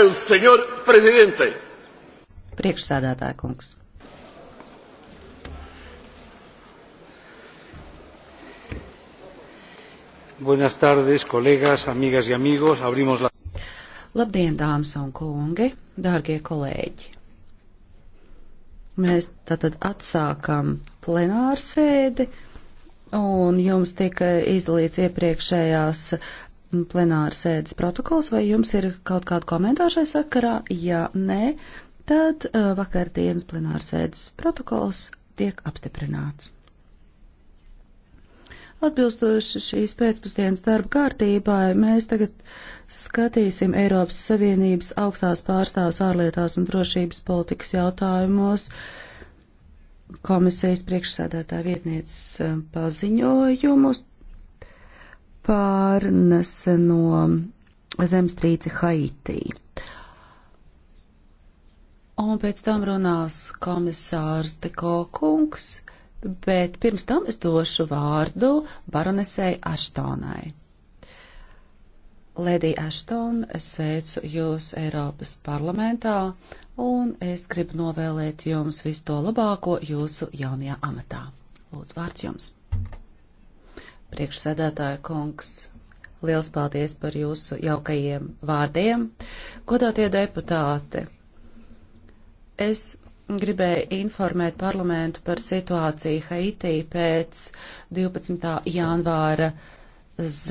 el señor presidente. Priekšsēdētāja kungs. Buenas tardes, colegas, amigas y amigos. Abrimos la. Labdien, dāmas un kungi, dārgie kolēģi! Mēs tātad atsākam plenārsēdi un jums tika izdalīts iepriekšējās plenāra sēdes protokols, vai jums ir kaut kāda komentāra šai sakarā? Ja nē, tad uh, vakardienas plenāra sēdes protokols tiek apstiprināts. Atbilstoši šīs pēcpusdienas darba kārtībai, mēs tagad skatīsim Eiropas Savienības augstās pārstāvs ārlietās un drošības politikas jautājumos komisijas priekšsēdētāja vietnieces uh, paziņojumus par neseno zemstrīci Haitī. Un pēc tam runās komisārs Deko kungs, bet pirms tam es došu vārdu baronesei Aštonai. Lēdija Aštona, es sveicu jūs Eiropas parlamentā un es gribu novēlēt jums visu to labāko jūsu jaunajā amatā. Lūdzu, vārds jums! priekšsēdētāja kungs. Liels paldies par jūsu jaukajiem vārdiem. Godātie deputāti, es gribēju informēt parlamentu par situāciju Haitī pēc 12. janvāra zem.